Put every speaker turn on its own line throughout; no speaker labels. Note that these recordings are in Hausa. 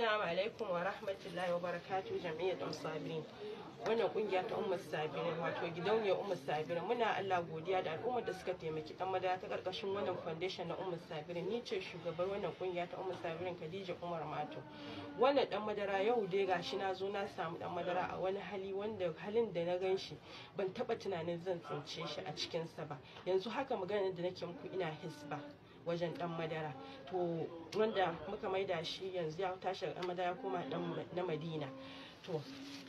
Assalamu alaikum wa rahmatullahi wa barakatuh jami'a ɗan umm sabirin. Wannan kungiya ta Umar Sabirin wato gidauniyar Umar Sabirin muna Allah godiya da al'ummar da suka taimaki dan madara ta karkashin wannan foundation na Umar Sabirin ni ce shugabar wannan kungiya ta Umar Sabirin Khadija Umar Mato. Wannan dan madara yau dai gashi na zo na samu dan madara a wani hali wanda halin da na gan shi ban taba tunanin zan tsince shi a cikin sa ba. Yanzu haka maganar da nake muku ina hisba. wajen dan madara to wanda muka maida shi yanzu ya tashi dan madara kuma dan na madina to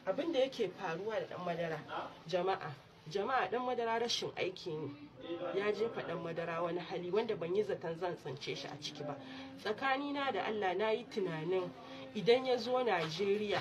abin da yake faruwa da dan madara jama'a jama'a dan madara rashin aiki ne ya jefa dan madara wani hali wanda ban yi zaton zan tsince shi a ciki ba tsakani na da Allah na yi tunanin idan ya zo Najeriya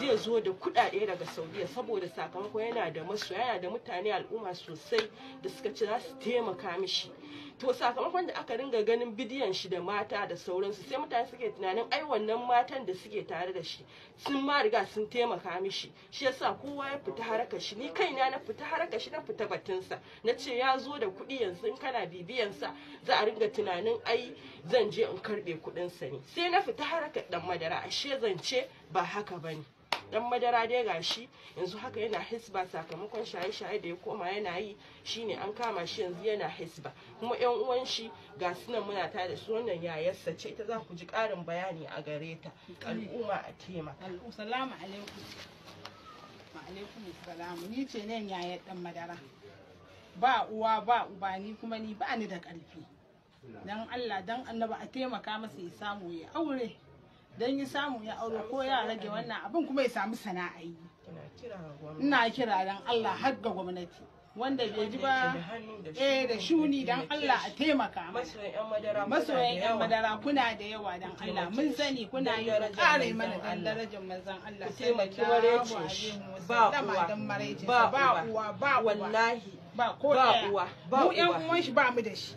zai zo da kudade daga Saudiya saboda sakamako yana da masu da mutane al'umma sosai da suka ci za su taimaka mishi to sakamakon da aka ringa ganin bidiyon shi da mata da sauransu sai mutane suke tunanin ai wannan matan da suke tare da shi sun ma riga sun taimaka mishi shi yasa kowa ya fita haraka shi ni kaina na fita haraka shi na fita batunsa na ce ya zo da kuɗi yanzu in kana bibiyan sa za a ringa tunanin ai zan je in karɓe kuɗinsa ne sai na fita haraka dan madara ashe zance ba haka bane dan madara dai gashi yanzu haka yana hisba sakamakon shaye-shaye da ya koma yana yi shine an kama shi yanzu yana hisba kuma yan uwan shi ga sunan muna ta da su wannan yayarsa ce ita za ku ji karin bayani a gare ta al'umma a tema assalamu alaikum wa alaikum
assalam ni ce nan yayar dan madara ba uwa ba uba ni kuma ni ba ni da karfi dan Allah dan Annabi a taimaka masa ya samu ya aure don ya samu ya aure ko ya rage wannan abin kuma ya samu sana'a yi ina kira don Allah har ga gwamnati wanda bai ji ba
eh da shuni don Allah a taimaka masoyan yan madara
kuna da yawa don Allah mun sani kuna yi kare mana dan darajar manzan Allah taimaki warece ba uwa ba uwa ba wallahi ba ko ba uwa ba ba shi ba mu da shi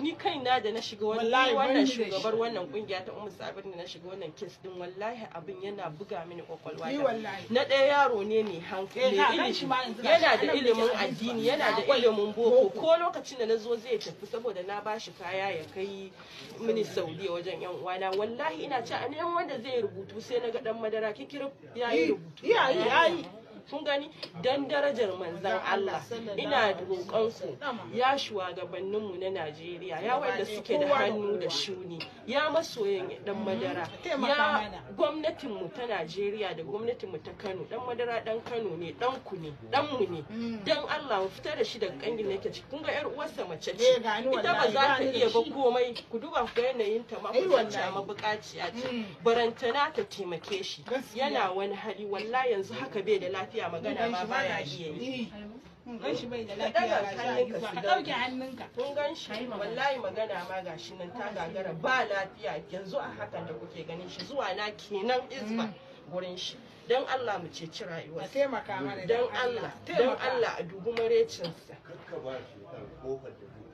ni kaina da na shiga wallahi wannan shugabar wannan kungiya ta umar sabir da na shiga wannan kes din wallahi abin yana buga mini kwakwalwa na ɗaya yaro ne mai hankali eh, yana da ilimin addini yana da ilimin boko ko lokacin da na zo zai tafi saboda na bashi kaya ya kai mini saudiya wajen yan uwana wallahi ina ci a wanda zai rubutu sai naga ga dan madara kikirif ya yi rubutu kun gani dan darajar manzan Allah ina roƙon su. ya shugabannin mu na Najeriya ya wanda suke da hannu da shuni ya masoyan dan madara ya gwamnatin mu ta Najeriya da gwamnatin mu ta Kano dan madara dan Kano ne dan ku ne dan mu ne dan Allah mu fitar da shi daga kangin nake ciki kun ga yar uwarsa mace ce eh, ita ba za ta iya ba komai ku duba ku ga yanayin ta ma eh, kusanci mabukaciya ce mm. barantana ta taimake shi yana wani hali wallahi yanzu haka bai da lafiya lafiya magana ba ya iya yi gan shi bai da lafiya ga ka hannunka kun gan shi wallahi magana ma ga shi nan ta gagara ba lafiya yanzu a hakan da kuke ganin shi zuwa na kenan izba mm. gurin shi don Allah mu ceci rayuwar taimaka mana don Allah don Allah a dubi marecinsa kakka ba shi kofar da